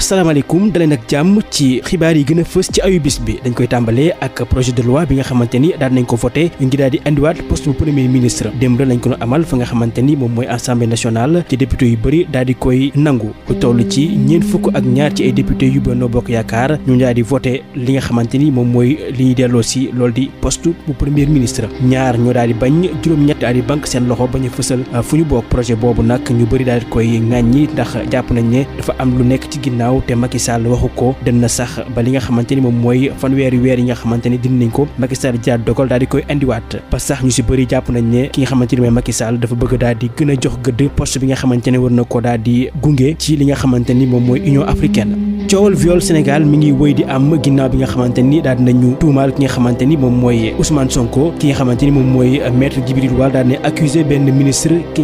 asalaamaaleykum daleen ak jàmm ci xibaar yi gën a fës ci ayu bis bi dañ koy tàmbalee ak projet de loi bi nga xamante ni daan nañ ko voté ngir daal di andiwaat poste bu premier ministre démb lañ ko amal fa nga xamante ni moom mooy assemblée national ci député yu bëri daal di koy nangu lu tollu ci ñeent fukk ak ñaar ci ay député yu Benno Bokk Yaakaar ñu daal di voté li nga xamante ni moom mooy li ñuy delloo si loolu di poste bu premier ministre ñaar ñoo daal di bañ juróom-ñett daal banque seen loxo bañ a fësal fu projet boobu nag ñu bëri daal di koy ŋàññi ndax jàpp nañ ne dafa am lu nekk ci ginnaaw ginnaaw te Macky Sall waxu ko dem na sax ba li nga xamante ni moom mooy fanweeri weer yi nga xamante ni dindi nañ ko Macky Sall jaar dogal daal di koy andiwaat ba sax ñu si bëri jàpp nañ ne ki nga xamante ni mooy Macky Sall dafa bëgg daal di gën jox gëdd poste bi nga xamante ne war na ko daal di gunge ci li nga xamante ni moom mooy Union africaine coowal viol Sénégal mi ngi wëy di am ginnaaw bi nga xamante ni daal dinañu tuumaal ki nga xamante ni moom mooy Ousmane Sonko ki nga xamante ni moom mooy maître Djibril Wade daal ne accusé benn ministre ki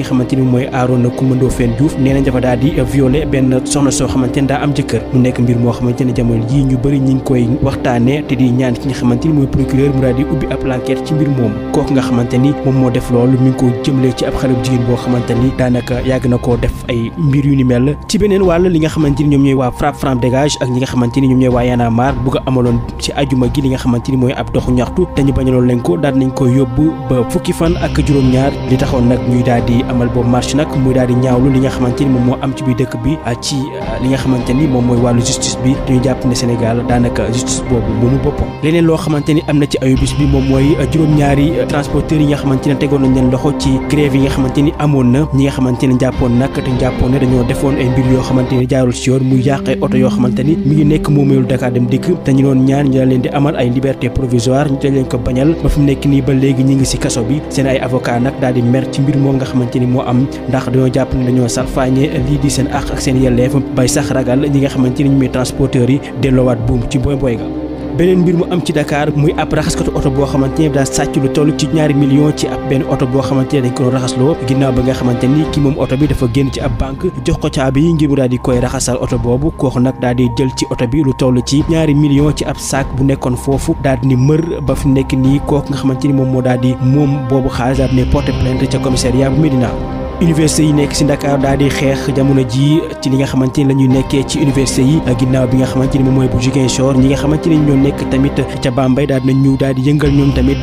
nga ñu koy waxtaane te di ñaan ki nga xamante mooy procureur mu daal ubbi ab enquête ci mbir moom kooku nga xamante moom moo def loolu mi ngi ko jëmlee ci ab xale jigéen boo xamante daanaka yàgg na koo def ay mbir yu ni mel ci beneen wàll li nga xamante dégage ak ñi nga xamante ni ñoom ñooy waa Y'en a marre bugg a amaloon ci ajuma gi li nga xamante ni mooy ab doxu ñaxtu te ñu bañaloon leen ko daal nañ ko yóbbu ba fukki fan ak juróom-ñaar li taxoon nag ñuy daal di amal boobu marche nag muy daal di ñaawlu li nga xamante ni moom moo am ci biir dëkk bi ah, ci ah, li nga xamante ni moom mooy wàllu justice bi dañu jàpp ne Sénégal daanaka justice boobu moomu boppam leneen loo xamante ni am na ci ayubis bi moom mooy ah, juróom-ñaari transporteurs yi nga xamante ne tegoon nañ leen loxo ci grève yi nga xamante ni amoon na ñi nga xamante ne jàppoon nag te jàppoon ne dañoo defoon ay mbir yoo xamante ni jaarul ci yoon muy yàqee oto yoo xamante ni mi ngi nekk moomeelu Dakar dem dikk te ñu doon ñaan ñu daal leen di amal ay liberté provisoire ñu dañ leen ko bañal ba fi mu nekk nii ba léegi ñu ngi si kaso bi seen ay avocat nag daal di mer ci mbir moom nga xamante ni moo am ndax dañoo jàpp ne dañoo salfaañe lii di seen àq ak seen yelleef bay sax ragal ñi nga xamante ni ñu muy transporteurs yi dellowaat buum ci boy boy ga beneen mbir mu am ci dakaar muy ab raxaskatu oto boo xamante ne daa sàcc lu toll ci ñaari million ci ab benn oto boo xamante ne ko doon raxasloo nga xamante ni ki moom oto bi dafa génn ci ab banque jox ko caabi yi ngir mu daal di koy raxasal oto boobu kooku nag daal di jël ci oto bi lu toll ci ñaari million ci ab saak bu nekkoon foofu daldi di mër ba fi nekk nii kooku nga xamante ni moom moo daal di moom boobu xaalis daal di ne porte plainte ca commissariat bu Médina université yi nekk ci Dakar daal di xeex jamono ji ci li nga xamante ni la ñuy nekkee ci université yi ginnaaw bi nga xamante moom mooy bu Ziguinchor ñi nga xamante ni ñoo nekk tamit ca daal di nañu daal di yëngal ñoom tamit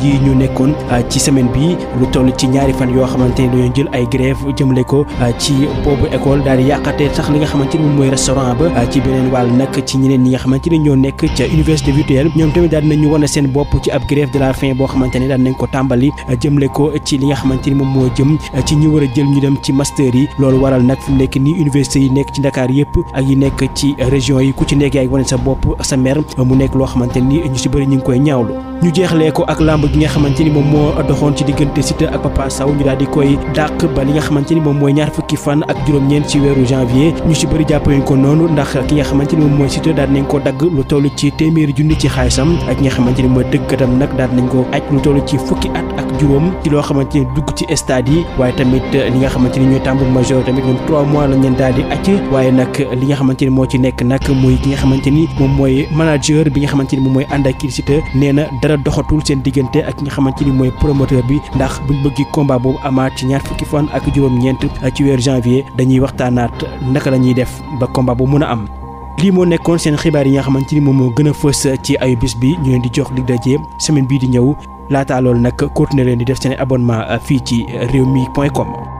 ji ñu nekkoon ah, ci semaine bi lu toll ci ñaari fan yoo xamante ni dañoo jël ay grève jëmale ko ah, ci boobu école daal di sax li nga xamante ni moom mooy restaurant ba ah, ci beneen wàll nag ci ñeneen ñi nga xamante ni ñoo nekk ca université virtuelle ñoom tamit daal di nañu wane seen bopp ci ab grève de xamante ni daal nañ ko tàmbali jëmale ko ci li nga xamante ni moom moo jëm ci war a jël ñu dem ci master yi loolu waral nag fu nekk nii université yi nekk ci Dakar yëpp ak yi nekk ci région yi ku ci nekk yaay wane sa bopp sa mer mu nekk loo xamante ni ñu si bëri ñu ngi koy ñaawlu ñu jeexlee ko ak lamb gi nga xamante moom moo doxoon ci diggante Siteu ak Papa ñu daal di koy dàq ba li nga xamante ni moom mooy ñaar fukki fan ak juróom-ñeent ci weeru janvier ñu si bëri jàppee ko noonu ndax ki nga xamante ni moom mooy Siteu daal nañ ko dagg lu toll ci téeméeri junni ci xaalisam ak ki nga xamante ni mooy dëggatam nag daal nañ ko aj lu toll ci at juróom ci loo xamante ni dugg ci stade yi waaye tamit li nga xamante ni ñooy tambour major tamit ñoom trois mois lañ leen daal di waaye nag li nga xamante ni moo ci nekk nag mooy ki nga xamante ni moom mooy manager bi nga xamante ni moom mooy ànd ak Kid Siteu na dara doxatul seen diggante ak ki nga xamante ni mooy promoteur bi ndax buñ bëggi combat boobu amaat ci ñaar fukki fan ak juróom-ñeent ci weeru janvier dañuy waxtaanaat naka la ñuy def ba combat bu mën a am lii moo nekkoon seen xibaar yi nga xamante ni moom moo gën a fës ci ayu bi ñu leen di jox dig daje semaine bii di ñëw laataa loolu nag continuer leen di def seen abonnement euh, fii ci euh, réew mi point com